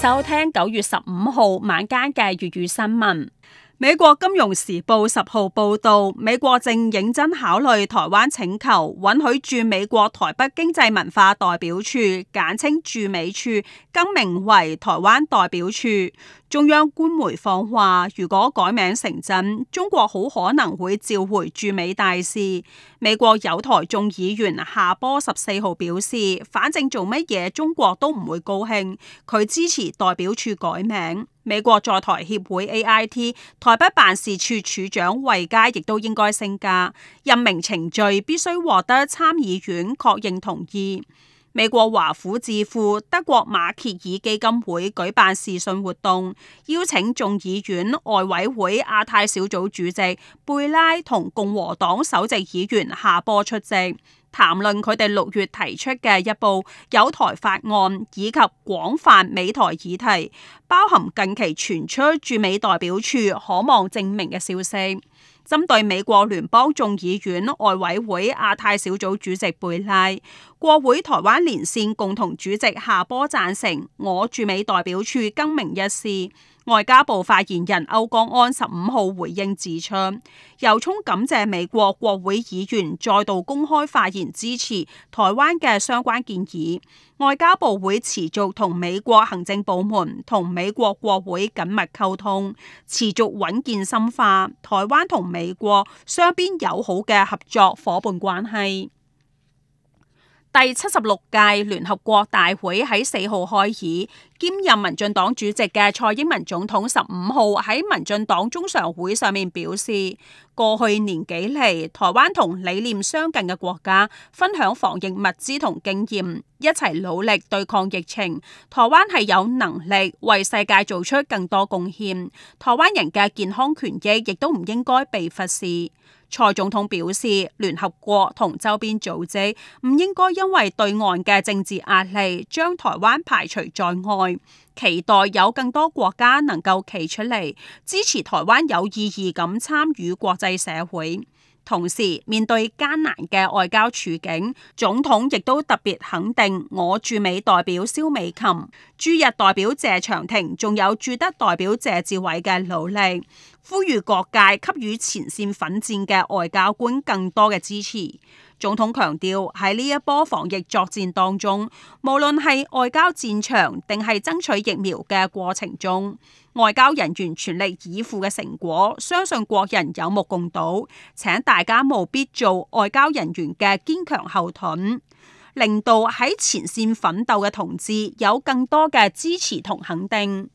收聽九月十五號晚間嘅粵語新聞。美國金融時報十號報道，美國正認真考慮台灣請求，允許駐美國台北經濟文化代表處（簡稱駐美處）更名為台灣代表處。中央官媒放話，如果改名成真，中國好可能會召回駐美大使。美國有台眾議員夏波十四號表示，反正做乜嘢中國都唔會高興，佢支持代表處改名。美國在台協會 AIT 台北辦事處處長位階亦都應該升格，任命程序必須獲得參議院確認同意。美國華府智庫德國馬歇爾基金會舉辦視訊活動，邀請眾議院外委會亞太小組主席貝拉同共和黨首席議員夏波出席。談論佢哋六月提出嘅一部友台法案，以及廣泛美台議題，包含近期傳出駐美代表處可望正名嘅消息。針對美國聯邦眾議院外委會亞太小組主席貝拉、國會台灣連線共同主席夏波贊成，我駐美代表處更名一事，外交部發言人歐江安十五號回應指出，由衷感謝美國國會議員再度公開發言支持台灣嘅相關建議，外交部會持續同美國行政部門、同美國國會緊密溝通，持續穩健深化台灣同美美國雙邊友好嘅合作夥伴關係。第七十六屆聯合國大會喺四號開議，兼任民進黨主席嘅蔡英文總統十五號喺民進黨中常會上面表示，過去年幾嚟，台灣同理念相近嘅國家分享防疫物資同經驗，一齊努力對抗疫情。台灣係有能力為世界做出更多貢獻，台灣人嘅健康權益亦都唔應該被忽視。蔡總統表示，聯合國同周邊組織唔應該因為對岸嘅政治壓力，將台灣排除在外，期待有更多國家能夠企出嚟，支持台灣有意義噉參與國際社會。同時，面對艱難嘅外交處境，總統亦都特別肯定我駐美代表蕭美琴、駐日代表謝長廷，仲有駐德代表謝志偉嘅努力，呼籲各界給予前線奮戰嘅外交官更多嘅支持。總統強調，喺呢一波防疫作戰當中，無論係外交戰場定係爭取疫苗嘅過程中，外交人員全力以赴嘅成果，相信國人有目共睹。請大家務必做外交人員嘅堅強後盾，令到喺前線奮鬥嘅同志有更多嘅支持同肯定。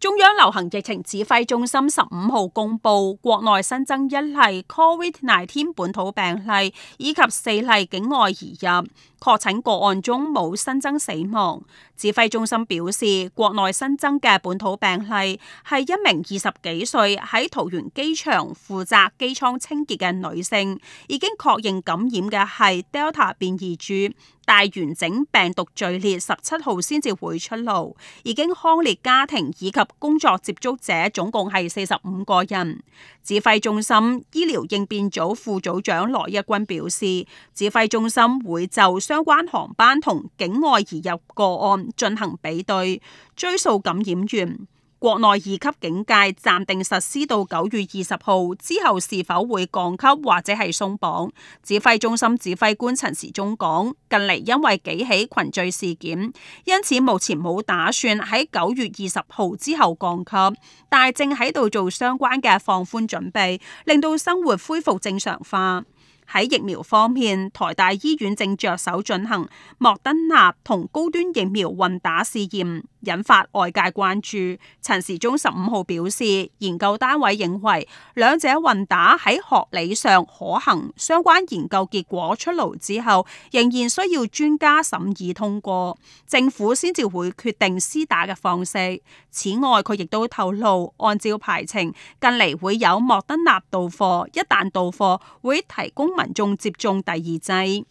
中央流行疫情指揮中心十五號公佈，國內新增一例 COVID-19 本土病例，以及四例境外移入。確診個案中冇新增死亡，指揮中心表示國內新增嘅本土病例係一名二十幾歲喺桃園機場負責機艙清潔嘅女性，已經確認感染嘅係 Delta 變異株大完整病毒序列十七號先至會出爐，已經匡列家庭以及工作接觸者總共係四十五個人。指揮中心醫療應變組副組長羅一鈞表示，指揮中心會就相關航班同境外移入個案進行比對，追溯感染源。國內二級警戒暫定實施到九月二十號之後，是否會降級或者係鬆綁？指揮中心指揮官陳時中講，近嚟因為幾起起群聚事件，因此目前冇打算喺九月二十號之後降級，但係正喺度做相關嘅放寬準備，令到生活恢復正常化。喺疫苗方面，台大醫院正着手進行莫德納同高端疫苗混打試驗，引發外界關注。陳時中十五號表示，研究單位認為兩者混打喺學理上可行，相關研究結果出爐之後，仍然需要專家審議通過，政府先至會決定施打嘅方式。此外，佢亦都透露，按照排程，近嚟會有莫德納到貨，一旦到貨，會提供，民眾接種第二劑。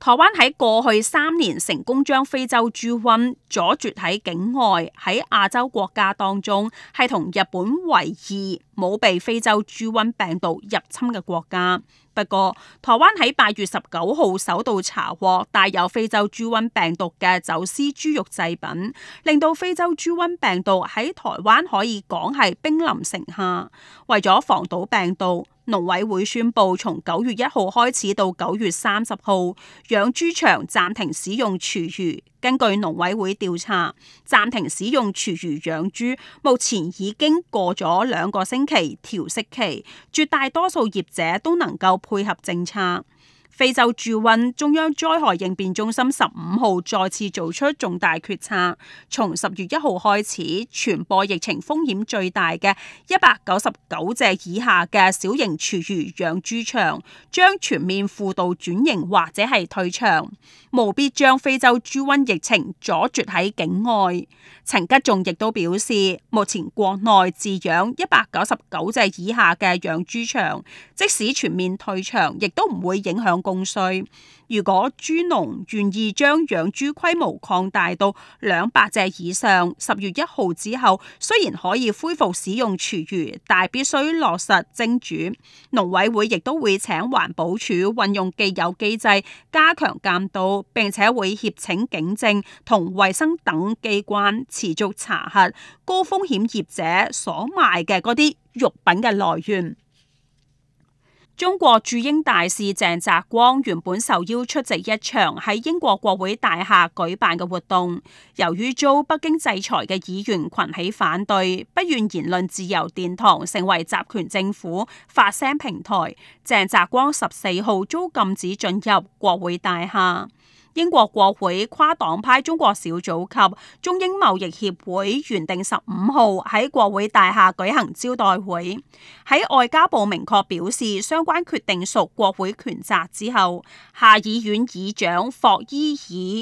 台灣喺過去三年成功將非洲豬瘟阻絕喺境外，喺亞洲國家當中係同日本唯二冇被非洲豬瘟病毒入侵嘅國家。不過，台灣喺八月十九號首度查獲帶有非洲豬瘟病毒嘅走私豬肉製品，令到非洲豬瘟病毒喺台灣可以講係兵臨城下。為咗防堵病毒，農委會宣布從九月一號開始到九月三十號，養豬場暫停使用廚餘。根據農委會調查，暫停使用廚餘養豬，目前已經過咗兩個星期調適期，絕大多數業者都能夠配合政策。非洲豬瘟中央災害應變中心十五號再次做出重大決策，從十月一號開始，傳播疫情風險最大嘅一百九十九隻以下嘅小型廚餘養豬場將全面輔導轉型或者係退場，務必將非洲豬瘟疫情阻絕喺境外。陳吉仲亦都表示，目前國內飼養一百九十九隻以下嘅養豬場，即使全面退場，亦都唔會影響供需。如果豬農願意將養豬規模擴大到兩百隻以上，十月一號之後雖然可以恢復使用廚餘，但必須落實蒸煮。農委會亦都會請環保署運用既有機制加強監督，並且會協請警政同衛生等機關持續查核高風險業者所賣嘅嗰啲肉品嘅來源。中國駐英大使鄭澤光原本受邀出席一場喺英國國會大廈舉辦嘅活動，由於遭北京制裁嘅議員群起反對，不願言論自由殿堂成為集權政府發聲平台，鄭澤光十四號遭禁止進入國會大廈。英國國會跨黨派中國小組及中英貿易協會原定十五號喺國會大廈舉行招待會，喺外交部明確表示相關決定屬國會權責之後，下議院議長霍伊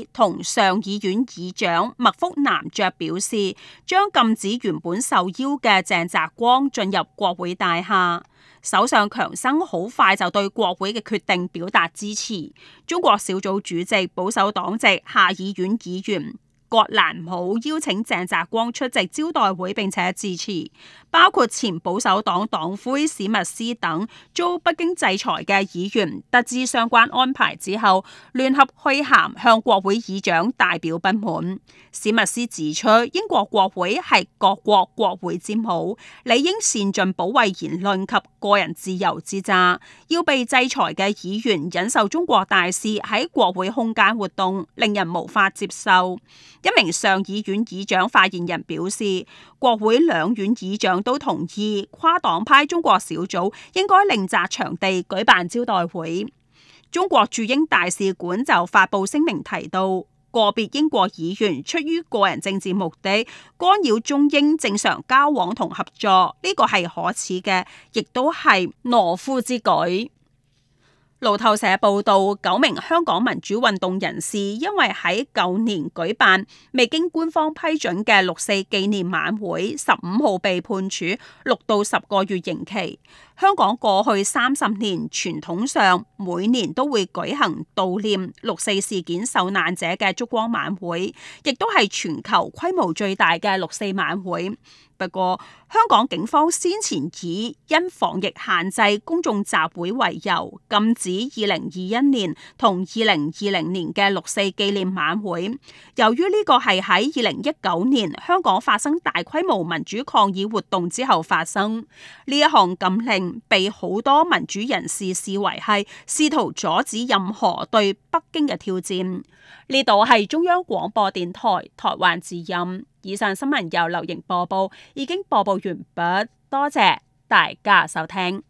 爾同上議院議長麥福南爵表示，將禁止原本受邀嘅鄭澤光進入國會大廈。首相強生好快就對國會嘅決定表達支持。中國小組主席、保守黨籍下議院議員。格蘭姆邀請鄭澤光出席招待會，並且致辭，包括前保守黨黨魁史密斯等遭北京制裁嘅議員得知相關安排之後聯合去函向國會議長大表不滿。史密斯指出，英國國會係各國國會之母，理應善盡保衛言論及個人自由之責。要被制裁嘅議員忍受中國大使喺國會空間活動，令人無法接受。一名上議院議長發言人表示，國會兩院議長都同意跨黨派中國小組應該另擇場地舉辦招待會。中國駐英大使館就發布聲明提到，個別英國議員出於個人政治目的，干擾中英正常交往同合作，呢個係可恥嘅，亦都係懦夫之舉。路透社報道，九名香港民主運動人士因為喺舊年舉辦未經官方批准嘅六四紀念晚會，十五號被判處六到十個月刑期。香港過去三十年傳統上每年都會舉行悼念六四事件受難者嘅燭光晚會，亦都係全球規模最大嘅六四晚會。不過，香港警方先前以因防疫限制公眾集會為由，禁止二零二一年同二零二零年嘅六四紀念晚會。由於呢個係喺二零一九年香港發生大規模民主抗議活動之後發生，呢一項禁令。被好多民主人士視為係試圖阻止任何對北京嘅挑戰。呢度係中央廣播電台台灣之音。以上新聞由劉瑩播報，已經播報完畢，多謝大家收聽。